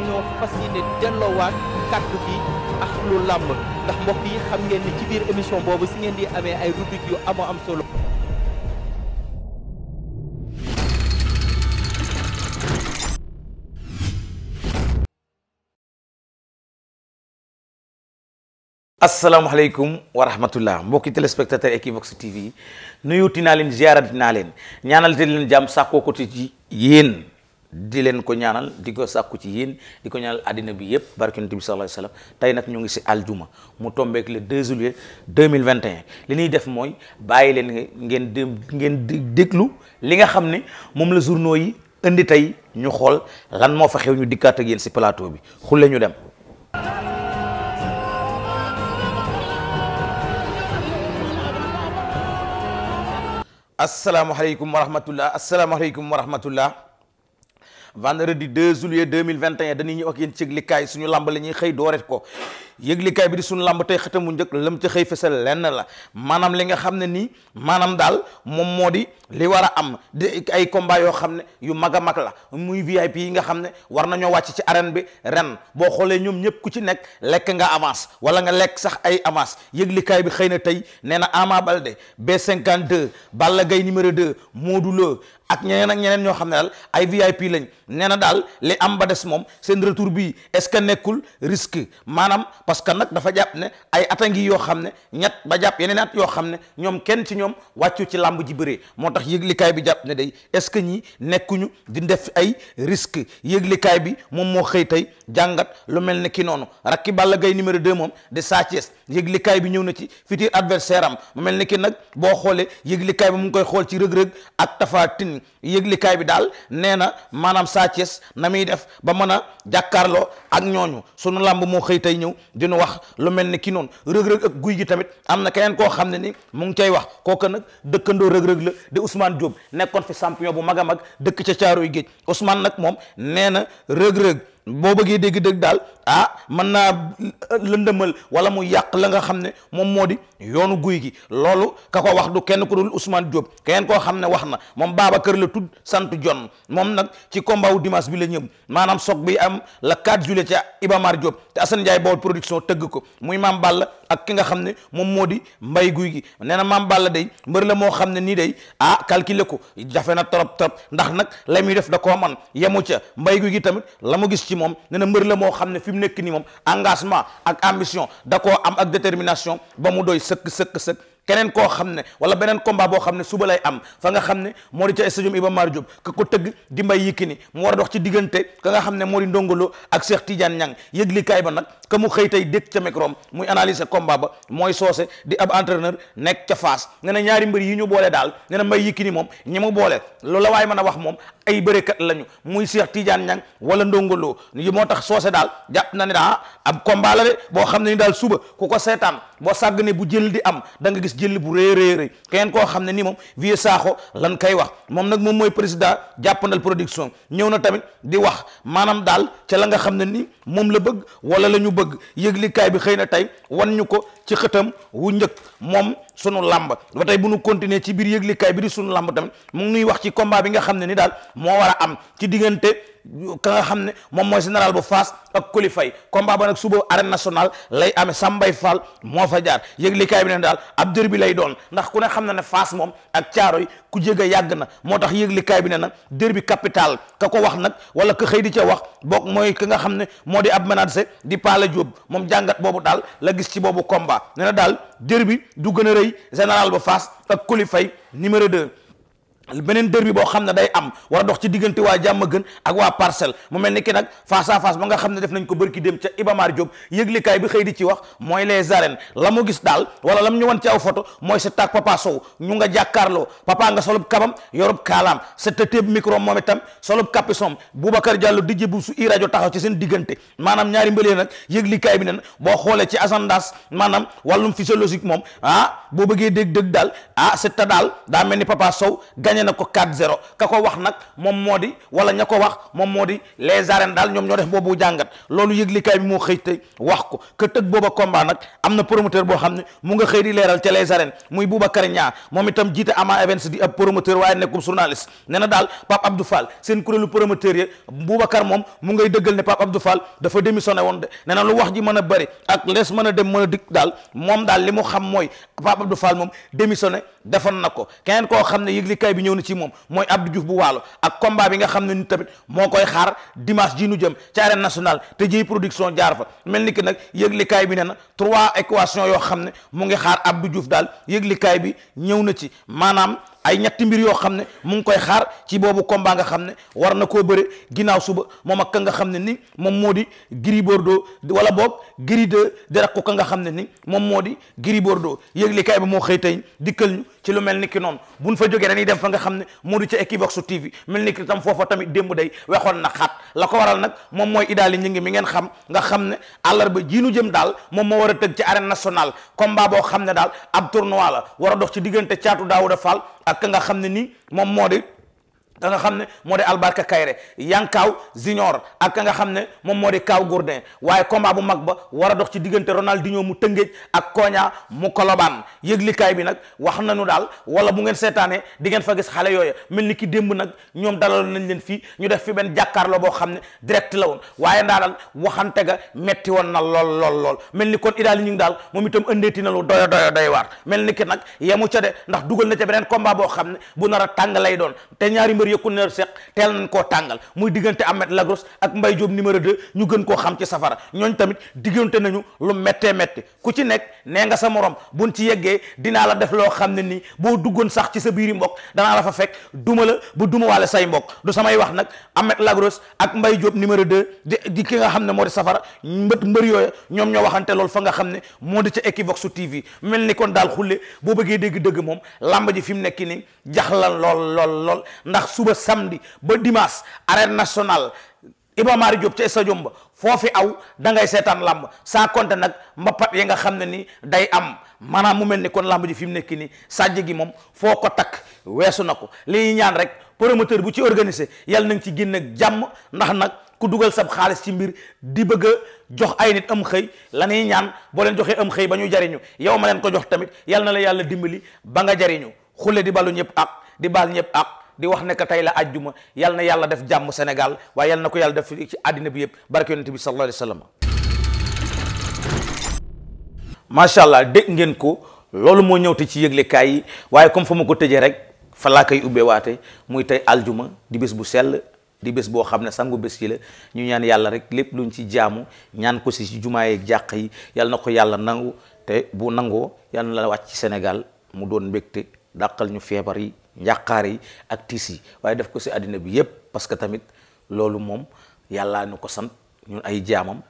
dañoo fas yéene am solo. asalaamaaleykum wa rahmatullah mbokki téléspectateur Equivox TV nuyu ti naa leen ziarati naa leen ñaanal te leen jàmm sàkkoo ko ci yéen. di leen ko ñaanal di ko sàkku ci yéen di ko ñaanal àddina bi yëpp barke yonent bi sallallahu tey nag ñu ngi si aljuma mu tombeek le 2 juillet 2021 li ñuy def mooy bàyyi leen ngeen dé ngeen déglu li nga xam ne moom la journaux yi indi tey ñu xool lan moo fa xew ñu dikkaat ak yéen si plateau bi xulle ñu dem asalaamaaleykum wa rahmatullah asalaamaaleykum wa rahmatullah vendredi 2 juillet 2021 dañuy ñëw ak yéen ci yëglikaay suñu lamb la ñuy xëy dooret ko yëglikaay bi di suñu làmb tey xëtam bu njëkk lam ci xëy fesal lenn la maanaam li nga xam ne nii maanaam daal moom moo di li war a am di ay combat yoo xam ne yu mag a mag la muy VIP yi nga xam ne war na ñoo wàcc ci arène bi ren boo xoolee ñoom ñëpp ku ci nekk lekk nga avance wala nga lekk sax ay avance yëglikaay bi xëy na tey nee na Ama Baldé B52 Balla gay numéro 2 Modou Lo ak ñeneen ak ñeneen ñoo xam ne daal ay VIP lañ nee na daal li am ba des moom seen retour bi est-ce que nekkul risque maanaam parce que nag dafa jàpp ne ay ata ngi yoo xam ne ñett ba jàpp yeneen at yoo xam ne ñoom kenn ci ñoom wàccu ci làmb ji bëree moo tax yëglikaay bi jàpp ne day est-ce que ñii nekkuñu di def ay risque yëglikaay bi moom moo xëy tey jàngat lu mel ne ki noonu rakki Balla gay numéro de moom de Sa Thiès yëglikaay bi ñëw na ci futur adversaire am mu mel ni ki nag boo xoolee yëglikaay bi mu ngi koy xool ci rëg-rëg ak tafaatin Tine yëglikaay bi daal nee na maanaam Sa na muy def ba mën a jàkkaarloo ak ñooñu sunu làmb moo xëy dinu wax lu mel ni ki noonu rëg-rëg ak guy gi tamit am na keneen koo xam ne ni mu ngi cay wax kooka nag dëkkandoo rëg-rëg la di Ousmane Diop nekkoon fi champion bu mag a mag dëkk ca Caaroy Géej Ousmane nag moom nee na rëg-rëg boo bëggee dégg dëgg daal ah man naa lëndëmal wala mu yàq la nga xam ne moom moo di yoonu guy gi loolu ka ko wax du kenn ku dul Ousmane Diop keneen koo xam ne wax na moom kër la tudd sant John moom nag ci combat wu dimanche bi la ñëw maanaam soog bi am la 4 juillet ca Iba Mar Diop te Assane Ndiaye boobu production tëgg ko muy maam Balla ak ki nga xam ne moom moo di mbay guy gi nee na maam Balla day mbër la moo xam ne nii day ah calculer ko jafe na trop trop ndax nag la muy def da ko man yemu ca mbay guy gi tamit la mu gis ci moom nee na la moo xam ne fi mu nekk nii moom engagement ak ambition da koo am ak détermination ba mu doy sëkk sëkk sëkk keneen koo xam ne wala beneen combat boo xam ne suba lay am fa nga xam ne moo di ca stadium Iba Mar Diop ka ko tëgg di Mbaye Yékini mu war a dox ci diggante ka nga xam ne moo di ndongolo ak Cheikh Tidiane Niang yëgli kaay ba nag ka mu xëy tey dëkk ca micro muy analyser combat ba mooy soose di ab entraîneur nekk ca face ne ñaari mbër yi ñu boole daal ne na Mbaye Yékini moom ñi mu boole loolu waay mën a wax moom ay bërekat lañu muy Cheikh Tidiane Niang wala ndongolo yi moo tax soose daal jàpp na ne daa ab combat la de boo xam ne ni daal suba ku ko seetaan boo sàgg ne bu jël di am da nga gis jël bu rëy rëy rëy keneen koo xam ne ni moom Vieux saako lan kay wax moom nag moom mooy président jàppandal production ñëw na tamit di wax maanaam daal ca la nga xam ne ni moom la bëgg wala la ñu bëgg yëglikaay bi xëy na tey wan ñu ko ci xëtam wu njëkk moom sunu làmb ba bu nu continuer ci biir yëglikaay bi di sunu làmb tamit mu ngi nuy wax ci combat bi nga xam ne ni daal moo war a am ci diggante ka nga xam ne moom mooy général bu Fass ak Koli Faye combat ba nag suba arène national lay ame Sambay Fall moo fa jaar yëglikaay bi ne daal ab derby bi lay doon ndax ku ne xam na ne fas moom ak yi ku jeg a yàgg na moo tax yëglikaay bi ne na derby bi capital ka ko wax nag wala ka xëy di ca wax boog mooy ki nga xam ne moo di ab menacé di Pala Diop moom jàngat boobu daal la gis ci boobu combat ne na daal derby bi du gën a rëy général bu fas ak Koli numéro 2 beneen derby boo xam ne day am war a dox ci diggante waa jàmm gën ak waa parcelle mu mel ni ki nag face à ba nga xam ne def nañ ko bërki dem ca Ibamar Diop yëglikaay bi xëy di ci wax mooy les arènes la mu gis daal wala lam ñu wan ci aw photo mooy sa tak papa Sow ñu nga jàkkaarloo papa nga solub kabam yorub kaalaam sa tëb micro moom itam solub kapisom Boubacar Diallo dijje bu su i rajo taxaw ci seen diggante maanaam ñaari mbëlee nag yëglikaay bi nen boo xoolee ci ascendance maanaam wàllum physiologique moom ah boo bëggee dégg dëgg daal ah c'est daal daa mel ni papa Sow gagné na ko 4-0 ka ko wax nag daal ñoom ñoo def boobu jàngat loolu na promoteur boo xam ne mu nga xëy di leeral ca les arènes muy Boubacar Niang moom na daal Pape Abdou Fall seen kuréelu promoteur yi Boubacar moom mu ngay dëggal ne Pape Abdou Fall dafa démissionné woon de nee na lu wax ji mën a bëri ak lees mën a dem mën a dikk daal moom daal li mu xam mooy Pape Abdou Fall moom démissionné defoon na ko keneen koo xam ne yëglikaay bi bi ñëw na ci moom mooy Abdou Diouf bu waalo ak combat bi nga xam ne ni tamit moo koy xaar dimanche ji nu jëm ci national te jiy production jaar fa mel ni ki nag yëglikaay bi ne na trois équations yoo xam ne mu ngi xaar Abdou Diouf daal yëglikaay bi ñëw na ci maanaam ay ñetti mbir yoo xam ne mu ngi koy xaar ci boobu combat nga xam ne war na koo bëre ginnaaw suba moom ak ka nga xam ne ni moom moo di Gris Bordeaux wala boob Gris de di rakku ka nga xam ne ni moom moo di Gris Bordeaux yëgle kaay ba moo xëy tey dikkal ci lu mel ni ki noonu buñ fa jógee dañuy dem fa nga xam ne moo di ca Equivox TV mel ni ki tam foofa tamit démb day waxoon na xaat la ko waral nag moom mooy idaali ñi ngi mi ngeen xam nga xam ne àllarba ba jiinu jëm daal moom moo war a tëgg ci national nationale combat boo xam ne daal ab tournoi la war a dox ci diggante caatu Daouda Fall ak ka nga xam ne ni moom moo di ka nga xam ne moo di albarka kayre yankaaw junior ak ka nga xam ne moom moo di kaaw gourdin waaye combat bu mag ba war a dox ci diggante Ronaldinho mu tëngéej ak koña mu kolobaan yëglikaay bi nag wax nañu daal wala bu ngeen seetaanee di ngeen fa gis xale yooya mel ni ki démb nag ñoom dalal nañ leen fii ñu def fi benn jàkkaarloo boo xam ne direct la woon waaye ndaa daal waxante ga metti woon na lool lool lool mel ni kon idaali ñu ngi daal moom itam ëndeeti na lu doyo doyo doy waar mel ni ki nag yemu ca de ndax dugal na ca beneen combat boo xam ne bu nar tàng lay doon te ñaari mbër yëkku ner seq teel nañ koo tàngal muy diggante Ahmed Lagros ak Mbaye Diop numéro 2 ñu gën koo xam ci safara ñooñ tamit diggante nañu lu méttee métti ku ci nekk nee nga sa moroom bu buñ ci yeggee dinaa la def loo xam ne nii boo duggoon sax ci sa biiri mbokk danaa la fa fekk duma la bu dumawaale say mbokk du samay wax nag Ahmed Lagros ak Mbaye Diop numéro de di di ki nga xam ne moo di safara mbët mbër yooyu ñoom ñoo waxante loolu fa nga xam ne moo di ca Equivox TV mel ni kon daal xulle boo bëggee dégg dëgg moom làmb ji fi mu nekk nii jaxlan suba samedi ba dimanche arène nationale Iba Mar Diop ca stadium ba foofi aw da ngay seetaan làmb sans compter nag mbapat yi nga xam ne ni day am maanaam mu mel ni kon làmb ji fi mu nekk nii sàjj gi moom foo ko takk weesu na ko li ñaan rek promoteur bu ci organisé yàlla na ci génn ak jàmm ndax nag ku dugal sab xaalis ci mbir di bëgg jox ay nit am xëy la ñuy ñaan boo leen joxee am xëy ba ñu jariñu yow ma leen ko jox tamit yàlla na la yàlla dimbali ba nga jariñu di wax ne que tey la àjjuma yal na yàlla def jàmm Sénégal waaye yal na ko yàlla def ci àddina bi yëpp barke yonent bi sallallahu alayhi wa dégg ngeen ko loolu moo ñëw te ci yëglekaay waaye comme fa ma ko tëjee rek fa laa waate muy tey aljuma di bés bu sell di bés boo xam ne sangu bés yi la ñu ñaan yàlla rek lépp luñ ci jaamu ñaan ko si ci jumaayeeg jàq yi yàlla na ko yàlla nangu te bu nangoo yàlla na la wàcc ci Sénégal mu doon mbégte dàqal ñu feebar yi njàqaar yi ak tiis yi waaye def ko si àddina bi yépp parce que tamit loolu moom yàllaa nu ko sant ñun ay jaamam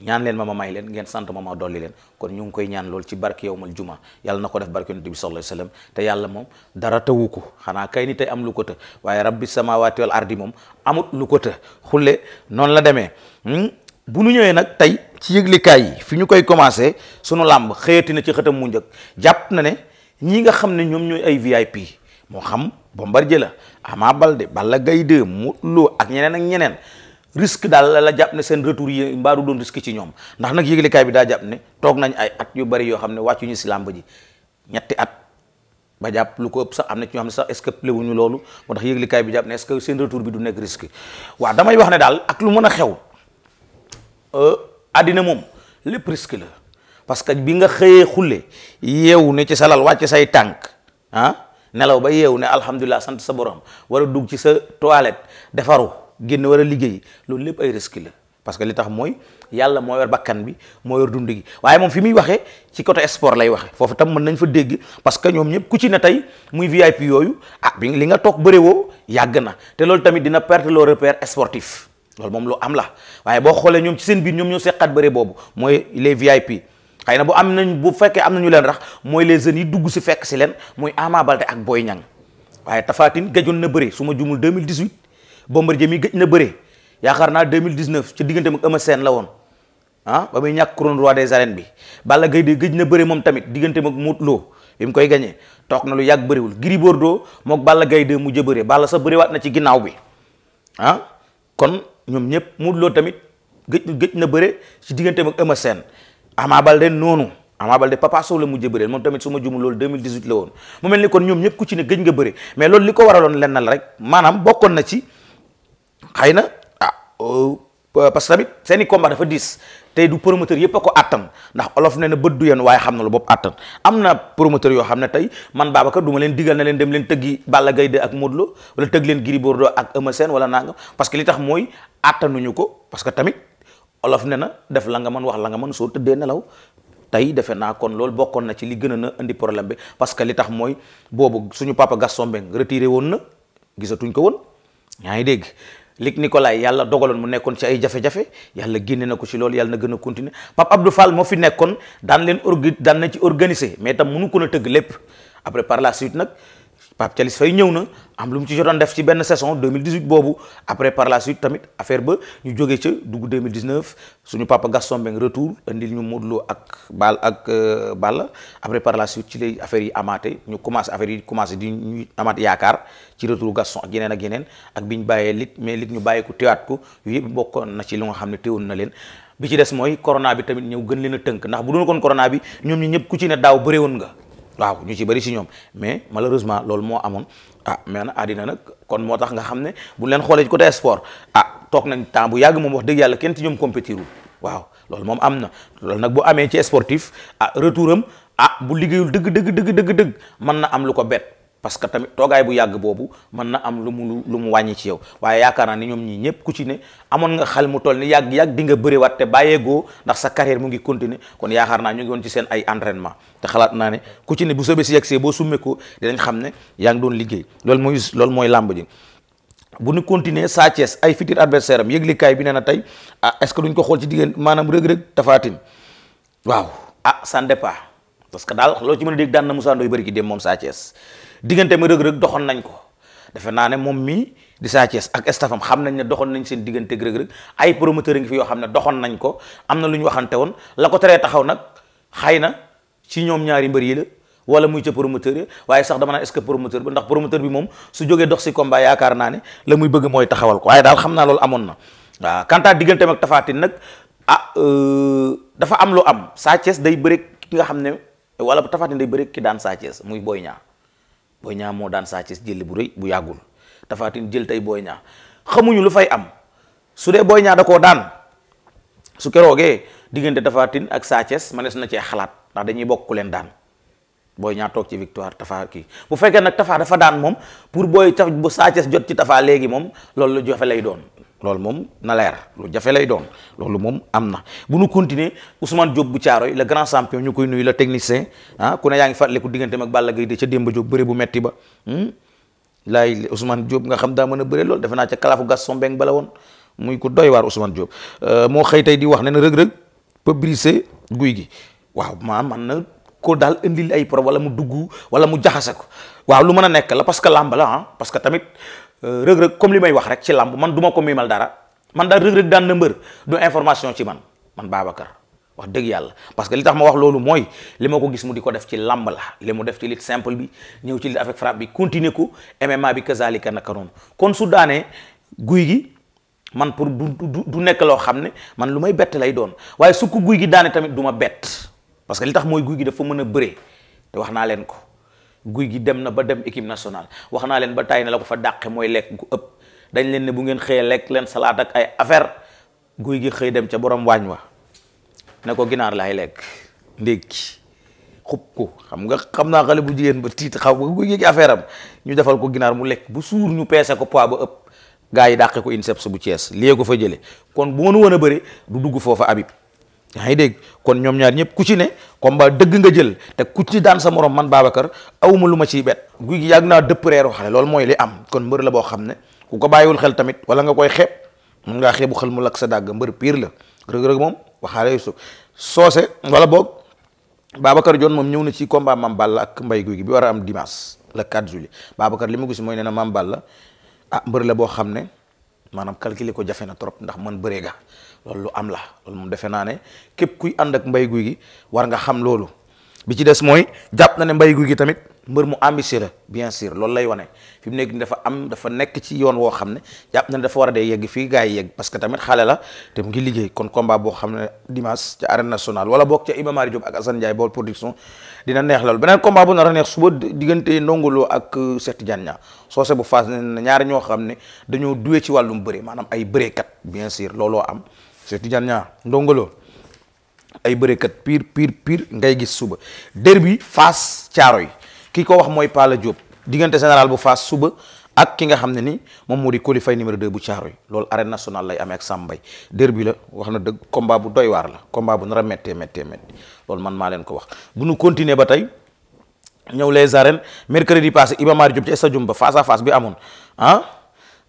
ñaan leen ma ma may leen ngeen sant ma ma dolli leen kon ñu ngi koy ñaan lool ci barke yawmal juma yàlla na ko def barke yonent bi sallallahu alayhi te yàlla moom dara tawu ko xanaa kay ni tey am lu ko të waaye rabbi samawati wal ardi moom amut lu ko të xule noonu la demee hmm? bu nu ñëwee nag tey ci yëglikaay yi fi ñu koy commencé sunu làmb xeeti na ci xëtam mu njëkk jàpp na ne ñii nga xam ne ñoom ñooy ay VIP moo xam Bombardier la Ama Baldé Balla Gaye 2 Modou Lo ak ñeneen ak ñeneen risque daal la la jàpp ne seen retour yi du doon risque ci ñoom ndax nag yëglekaay bi daa jàpp ne toog nañ ay at yu bari yoo xam ne wàccuñu si làmb ji ñetti at ba jàpp lu ko ëpp sax am na ci ñoo xam ne sax est-ce que pléwuñu loolu moo tax yëglekaay bi jàpp ne est-ce seen retour bi du nekk risque waa damay wax ne daal ak lu mën a xew euh, àddina moom lépp risque la parce que bi nga xëyee xule yeewu ne ci salal wàcc say tànk ah nelaw ba yeewu ne alhamdulilah sant sa borom war a dugg ci sa toilette defaru génn war a liggéey loolu lépp ay risque la parce que li tax mooy yàlla moo yor bakkan bi moo yor dund gi waaye moom fi muy waxee ci côté sport lay waxe foofu tam mën nañ fa dégg parce que ñoom ñëpp ku ci na tey muy VIP yooyu ah bi li nga toog bëre yàgg na te loolu tamit dina perte loo repère sportif loolu moom lu am la waaye boo xoolee ñoom ci seen biir ñoom ñoo seqaat bëre boobu mooy les VIP xay na bu am nañ bu fekkee am nañu leen rax mooy les jeunes yi dugg si fekk si leen muy Ama Baldé ak booy Niang waaye Tapha Tine gëjoon na bëre su ma jumul 2018 Bombardier mi gëj na bëre yaakaar naa 2019 ci diggante ak Eumeu Sène la woon ah ba muy ñàkk couronne roi des arènes bi bala Gaye de gëj na bëre moom tamit diggante ak Modou Lo bi mu koy gañee toog na lu yàgg bëriwul Gris Bordeaux mook Balla Gaye de mujj a bëre Balla sa bëriwaat na ci ginnaaw bi ah ñoom ñëpp Modou tamit gëj gëj na bëre ci diggante ak Eumeu Sène Ama Baldé noonu Ama Baldé Papa Sow la mujj bëreel moom tamit su ma jumul loolu 2018 la woon mu mel ni kon ñoom ñëpp ku ci ne gëj nga bëri mais loolu li ko waraloon lenn la rek maanaam bokkoon na ci xëy na ah euh, parce que tamit seeni combat dafa diis tey du promoteur yëpp a ko attan ndax olof ne na bët du yenn waaye xam na lu bopp attan am na promoteur yoo xam ne tey man Babacar du ma leen digal na leen dem leen tëggi Balla Gaye 2 ak Modou Lo wala tëgg leen Gris Bordeaux ak Eumeu Sène wala nangam parce que li tax mooy attanuñu ko parce que tamit. olof ne na def la nga mën wax la nga mën soo tëddee nelaw tey defe naa kon loolu bokkoon na ci li gën a na indi problème bi parce que li tax mooy boobu suñu papa Gaston Mbengue retiré woon na gisatuñ ko woon ñaa ngi dégg Luc Nicolaï yàlla dogaloon mu nekkoon ci ay jafe-jafe yàlla génne na ko ci loolu yàlla na gën a continuer Pape Abdou Fall moo fi nekkoon daan leen orgi daan na ci mais tam mënu ko a tëgg lépp après par la suite nag Pape Thialis Faye ñëw na am lu mu ci jotoon def ci benn saison 2018 boobu après par la suite tamit affaire ba ñu jógee ca dugg 2019 ñu papa Gaston Mbengue retour indil ñu Modou Lo ak Bal ak euh, Balla après par la suite ci lay affaire yi amaate ñu commencé affaire yi commencé di ñu amaat yaakaar ci retour Gaston ak yeneen ak yeneen ak bi ñu bàyyee lit mais lit ñu bàyyee ko teewaat ko yu yëpp bokkoon na ci li xam ne teewoon na leen bi ci des mooy corona bi tamit ñëw gën leen a tënk ndax bu doon kon corona bi ñoom ñi ñëpp ku ci ne daaw bëre woon waaw ñu ci bëri si ñoom mais malheureusement loolu moo amoon a ah, mais nag àddina nag kon moo tax nga xam ne bu leen xoolee ci côté sport ah, toog nañ temps bu yàgg moom wax dëgg yàlla kenn ci ñoom compétirul waaw loolu moom am na loolu nag boo amee ci sportif ah retouram a ah, bu liggéeyul dëgg dëgg dëgg dëgg dëgg mën na am lu ko bett parce que tamit toogaay bu yàgg boobu mën na am lu mu lu mu wàññi ci yow waaye yaakaar naa ni ñoom ñii ñëpp ku ci ne amoon nga xel mu toll ni yàgg yàgg di nga bëriwaat te bàyyeegoo ndax sa carrière mu ngi continuer kon yaakaar naa ñu ngi woon ci seen ay entraînement te xalaat naa ne ku ci ne bu soobee si yegsee boo summee ko dinañ xam ne yaa ngi doon liggéey loolu mooy loolu mooy làmb ji bu ñu continuer Sa ay futur adversaire am yëglikaay bi nee na tey ah est-ce duñ ko xool ci diggante maanaam rëg-rëg tafaatin waaw ah ça dépend parce que daal loo ci mën a dégg bëri dem moom Sa Thiès diggante ma rëg-rëg doxoon nañ ko defe naa ne moom mii di Sa Thiès ak staffam xam nañ ne doxoon nañ seen diggante rëg-rëg ay promoteur ngi fi yoo xam ne doxoon nañ ko am na lu ñu waxante woon la ko teree taxaw nag xay na ci ñoom ñaari mbër yi la wala muy ca promoteur waaye sax dama naan est-ce que promoteur ba ndax promoteur bi moom su jógee dox si combat yaakaar naa ne muy bëgg mooy taxawal ko waaye daal xam naa loolu amoon na waaw quant à diggante ak Tapha Tine ah, euh, dafa am lu am Sa day bëre ki nga xam ne wala Tapha Tine day bëre ki daan Sa muy booy Niang booy ñaa moo daan saa ci jël bu rëy bu yàggul Tapha Tine jël tey booy ñaa xamuñu lu fay am su dee booy ñaa da koo daan su keroogee diggante Tapha Tine ak Sa Thiès manees na cee xalaat ndax dañuy bokk leen daan booy ñaa toog ci victoire Tapha kii bu fekkee nag tafaa dafa daan moom pour booy taf bu Sa Thiès jot ci tafaa léegi moom loolu lu jafe lay doon loolu moom na leer lu jafe lay doon loolu moom am na bu nu continuer Ousmane Diop bu Caaroy le grand champion ñu koy nuyu la technicien ah ku ne yaa ngi fàttaliku digganteem ak Balla Gaye de ca démb Diop bëre bu metti ba hmm? laay Ousmane Diop nga xam daa mën a bëre loolu defe naa ca kalaafu Gaston Mbengue bala woon muy ko doy waar Ousmane Diop euh, moo xëy tey di wax ne na rëg-rëg peut guy gi waaw maa man na ko daal indil ay problème wala mu dugg wala mu jaxase ko waaw lu mën a nekk la parce que làmb ah, que tamit Euh, rëg-rëg comme li may wax rek ci làmb man duma ko miimal dara man daal rëg-rëg daan na mbër du information ci man man Babacar wax dëgg yàlla parce que li tax ma wax loolu mooy li ma ko gis mu di ko def ci làmb la li mu def ci lit simple bi ñëw ci lit avec frappe bi continuer ko MMA bi kazalika naka noonu kon su daanee guy gi man pour du du nekk loo xam ne man lu may bett lay doon waaye su ko guy gi daane tamit du ma bett parce que li tax mooy guy gi dafa mën a bëree wax naa leen ko guy gi dem na ba dem équipe nationale wax naa leen ba tàyyi ne la ko fa dàqe mooy lekk gu ëpp dañ leen ne bu ngeen xëyee lekk leen salaat ak ay affaire guy gi xëy dem ca borom waañ wa ne ko ginaar laay lekk ki xub ko xam nga xam naa xale bu jigéen ba tiit xaw nga guy gi affaire am ñu defal ko ginaar mu lekk bu suur ñu peese ko poids ba ëpp gaa yi dàqe ko INSEPS bu cees liyee ko fa jële kon bu mënu woon a bëri du dugg foofu Habib yaa ngi dégg kon ñoom ñaar ñëpp ku ci ne combat dëgg nga jël te ku ci daan sa moroom man Babacar awma lu ma ciy bet guy gi yàgg naa dëpp reeru xale loolu mooy li am kon mbër la boo xam ne ku ko bàyyiwul xel tamit wala nga koy xeeb mun ngaa xeebu xel mu lakk sa dàgg mbër piir la rëg-rëg moom waxaale su soose wala boog Babacar Dione moom ñëw na ci combat Mame Balla ak mbay Guy gi bi war a am dimanche la 4 juillet Babacar li mu gis mooy nee na Mame la ah mbër la boo xam ne maanaam calculer ko jafe na trop ndax man bëree ga loolu lu am la loolu moom defe naa ne képp kuy ànd ak mbay guy gi war nga xam loolu bi ci des mooy jàpp na ne mbay guy gi tamit mbër mu ambitieux la bien sûr loolu lay wane fi mu nekk nii dafa am dafa nekk ci yoon woo xam ne jàpp na dafa war a dee yegg fii gars yi yegg parce que tamit xale la te mu ngi liggéey kon combat boo xam ne dimanche ca arène nationale wala boog ca Iba Mar Diop ak Assane Ndiaye Baol production dina neex lool beneen combat bu nar a neex suba diggante Ndongo ak euh, Cheikh Tidiane soo soose bu Fass ne ñaari ñoo xam ne dañoo duwee ci wàllum bëre maanaam ay bëreekat bien sûr looloo am Cheikh Tidiane Niang Ndongo ay bëreekat pire pire pire ngay gis suba derby Fass Thiaroye ki ko wax mooy Pala Diop diggante général bu Fass suba ak ki nga xam ne ni moom moo di qualifié numéro 2 bu Caaroy loolu arène nationale lay amee ak Sambay derby la wax na dëgg combat bu doy waar la combat bu nar a méttee méttee métti loolu man maa leen ko wax bu nu continuer ba tey ñëw les arènes mercredi passé Iba Mar Diop ci stade ba face à face bi amoon ah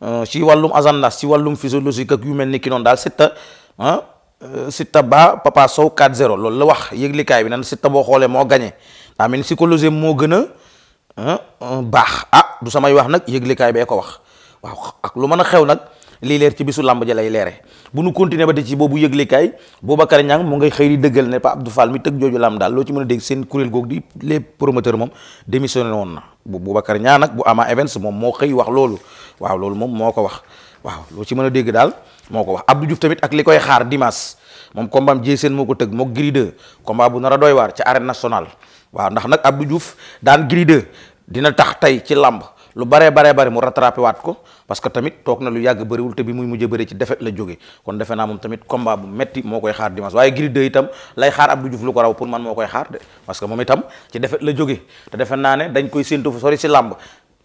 euh, ci wàllum agendas ci wàllum physiologique ak yu mel ni ki noonu daal Siteu ah euh, Siteu ba Papa Sow 4 loolu la wax yëglikaay bi nan Siteu boo xoolee moo gagné. daa mel ni psychologie moo gën a baax ah du samay wax nag yëglekaay bee ko wax waaw ak lu mën a xew nag lii leer ci bisu làmb ja lay leere bu nu continuer ba te ci boobu yëglekaay Boubacar Niang mu ngay xëy di dëggal ne Pape Abdou Fall mi tëgg jooju làmb daal loo ci mën a dégg seen kuréel googu di les promoteurs moom démissionné woon na bu Boubacar Niang nag bu Ama Events moom moo xëy wax loolu waaw loolu moom moo ko wax waaw loo ci mën a dégg daal moo ko wax Abdou Diouf tamit ak li koy xaar dimanche moom combat am jéy seen moo ko tëgg moo Gris 2 bu nar a doy waar ca arène national waaw ndax nag Abdou Diouf daan Gris 2 dina tax tey ci làmb lu bare bare bari mu rattrapé waat ko parce que tamit toog na lu yàgg bëriwul te bi muy mujj bëri ci défaite la jóge kon defe naa moom tamit combat bu metti moo koy xaar dimanche waaye Gris itam lay xaar Abdou Diouf lu ko raw pour man moo koy xaar de parce que moom itam ci défaite la jóge te defe naa ne dañ koy séntu fu sori si làmb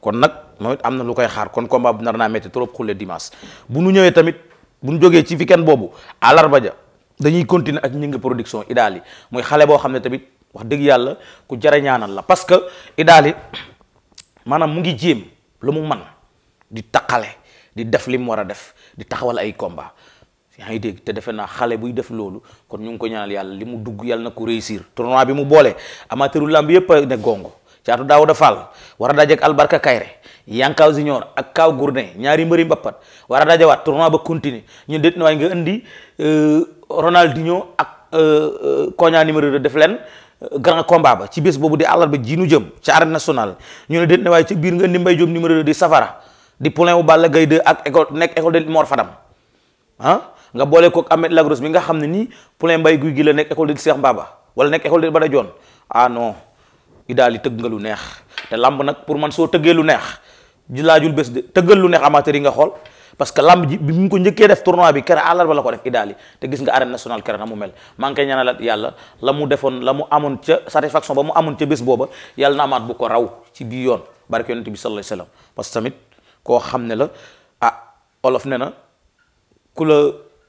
kon nag moom it am na lu koy xaar kon combat bu nar naa metti trop xulle dimanche bu nu ñëwee tamit bu nu jógee ci weekend boobu àllarba ja dañuy continuer ak ñi production idaal yi muy xale boo xam ne tamit wax dëgg yàlla ku jara ñaanal la parce que idaali maanaam mu ngi jéem lu mu man di taqale di def li mu war a def di taxawal ay combat yaa ngi dégg te defe naa xale buy def loolu kon ñu ngi ko ñaanal yàlla li mu dugg yàlla na ko réussir tournoi bi mu boolee boole amateuru làmb yépp ne gongo caatu Daawuda Fall war a dajeek Albarka Kayre Yankaw Junior ak Kaw Gourdin ñaari mbëri mbappat war a dajewaat tournoi ba continuer ñun déet na waaye nga indi euh, Ronaldinho ak euh, euh, def leen grand combat ba ci bés boobu di àllarba ji nu jëm ci arène nationale ñu ne déet ne waaye ci biir nga ndi mbay jom numéro 2 di safara di poulain bu Balla gay 2 ak école nekk école de Mor Fadam ah nga boole kook Ahmed Lagros mi nga xam ne nii poulain mbay guy gi la nekk école de Cheikh Mbaba wala nekk école de Bada Dione ah non i daal di tëgg nga lu neex te lamb nag pour man soo tëggee lu neex ji laajul bés de tëggal lu neex amateur yi nga xool parce que lamb ji bi mu ko njëkkee def tournoi bi kere àllarba la ko def idaali te gis nga arène nationale kere na mu mel maa ngi koy ñaanal yàlla la mu defoon la mu amoon ca satisfaction ba mu amoon ca bés booba yàlla na amaat ko raw ci bii yoon barke yonent bi sallallahu alayhi wasallam parce que tamit koo xam ne la ah olof ne na ku la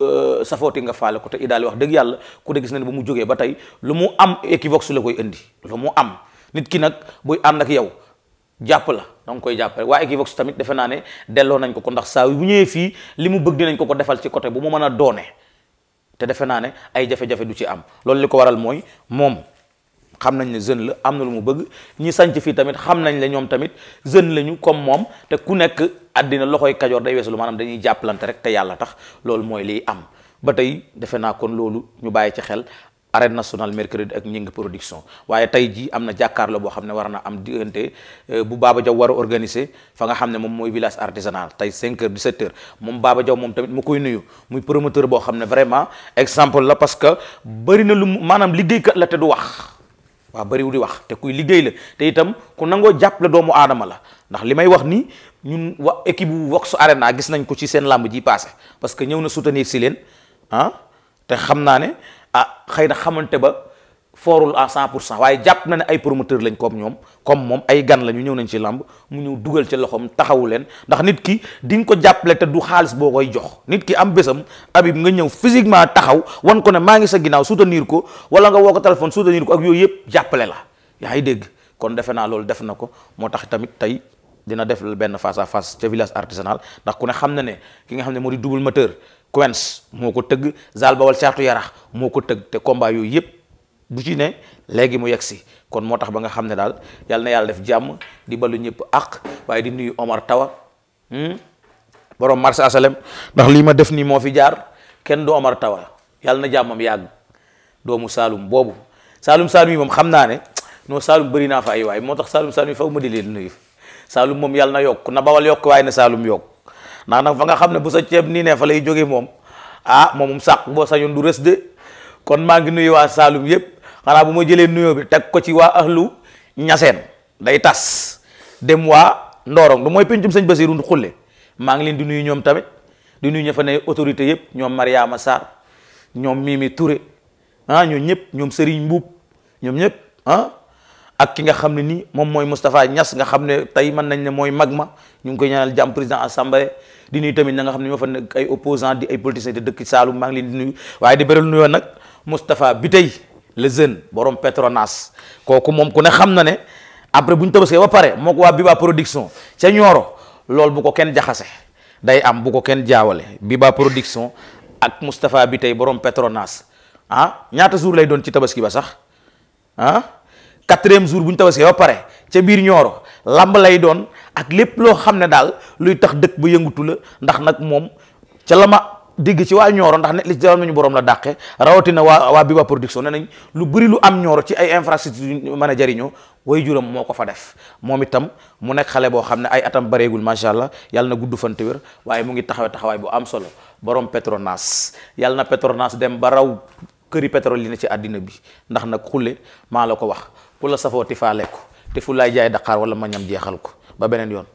euh, safooti nga faale ko idaali wax dëgg yàlla ku de gis na ne ba mu jógee ba tey lu mu am Equivox la koy indi lu mu am nit ki nag buy ànd ak yow jàpp la danga koy jàpp rek waa Equivox tamit defe naa ne delloo nañ ko ko ndax saa bu ñëwee fii li mu bëgg dinañ ko ko defal ci côté bu mu mën a doone te defe naa ne ay jafe-jafe du ci am loolu li ko waral mooy moom xam nañ ne jeune la am na lu mu bëgg ñi sanc fii tamit xam nañ la ñoom tamit jeune lañu comme moom te ku nekk àddina loxoy kajoor day weesu lu maanaam dañuy jàppalante rek te yàlla tax loolu mooy liy am ba tey defe naa kon loolu ñu bàyyi ci xel arène nationale mercredi ak ñing production waaye tey ji am na jàkkaarloo boo xam ne war na am diggante euh, bu Baba Diaw war a organiser fa nga xam ne moom mooy village artisanal tey 5 heures 17 heures moom Baba Diaw moom tamit mu koy nuyu muy promoteur boo xam ne vraiment exemple la parce que bëri na lu maanaam liggéeykat la te du wax waaw bëriwu di wax te kuy liggéey la te itam ku nangoo jàppale doomu aadama la ndax li may wax ni ñun wa équipe bu Vox Arena gis nañ ko ci seen làmb ji passé parce que ñëw ah xëy na xamante ba foorul à cent pour cent waaye jàpp na ne ay promoteur lañ koom ñoom comme moom ay gan la ñu ñëw nañ ci làmb mu ñëw dugal ci loxoom taxawu leen ndax nit ki di ko jàppale te du xaalis boo koy jox nit ki am bésam Habib nga ñëw physiquement taxaw wan ko ne maa ngi sa ginnaaw soutenir ko wala nga woo ko téléphone soutenir ko ak yooyu yëpp jàppale la yaa dégg kon defe naa loolu def na ko moo tax tamit tey dina def benn face à face ca village artisanal ndax ku ne xam na ne ki nga xam ne moo di double moteur Quench moo ko tëgg Zal Bawal caatu yarax moo ko tëgg te combat yooyu yëpp bu ci ne léegi mu yegg si kon moo tax ba nga xam ne daal yàlla na yàlla def jàmm di balu ñëpp ak waaye di nuyu Omar Tawa hmm? borom marché asalem ndax lii ma def nii moo fi jaar kenn du Omar Tawa yàlla na jàmmam yàgg doomu Saalum boobu Saalum Saalum yi moom xam naa ne noo Saalum bëri naa fa ay waay moo tax Saalum Saalum yi faw ma di leen nuyu Saalum moom yàlla na yokk na bawal yokk ndax nag fa nga xam ne bu sa ceeb nii nee fa lay jóge moom ah moom sàq boo sañoon du rës de kon maa ngi nuyu waa Saalum yëpp xanaa bu ma jëlee nuyoo bi teg ko ci waa ahlu ñaseen day tas dem waa Ndorong du mooy pencum sëñ Basiru xulle maa ngi leen di nuyu ñoom tamit di nuyu ña fa autorité yëpp ñoom Mariama Sarr ñoom Mimi Touré ah ñoom ñëpp ñoom Serigne Mbuub ñoom ñëpp ah. ak ki nga xam ne nii moom mooy Moustapha Niass nga xam ne tey mën nañ ne mooy mag ma ñu ngi koy ñaanal jàmm président assemblée di nuyu tamit na nga xam ne ñoo fa nekk ay opposant di ay politiciens di dëkk Saalum maa ngi leen di nuyu waaye di beral nuyoo nag Moustapha bi tey le jeune borom Petronas kooku moom ku ne xam na ne après bu ñu tabaskee ba pare moo ko waa Biba production ca Nioro loolu bu ko kenn jaxase day am bu ko kenn jaawale Biba production ak Moustapha bi tey borom Petronas ah ñaata jour lay doon ci tabaski ba sax ah quatrième jour bu ñu tabaskee ba pare ca biir ñooro lamb lay doon ak lépp loo xam ne daal luy tax dëkk ba yëngatu la ndax nag moom ca la ma dégg ci waa ñooro ndax ne li nañu borom la dàqe rawatina waa waa Biba production ne nañ lu bëri lu am ñooro ci ay infrastructure mën a jariñoo way juram moo ko fa def moom itam mu nekk xale boo xam ne ay atam bareegul macha allah yàlla na gudd fan waaye mu ngi taxawe taxawaay bu am solo borom Petronas yàlla na Petronas dem ba raw këri pétrole yi ne ci àddina bi ndax nag xulle maa la ko wax ku la safoo ti faale ko te fu laay jaay daqaar wala ma ñam jeexal ko ba beneen yoon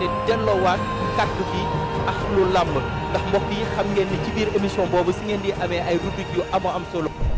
ne delloowaat kàddu bi ak lu làmb ndax mbokk yi xam ngeen ni ci biir émission boobu si ngeen di amee ay rubrique yu amoo am solo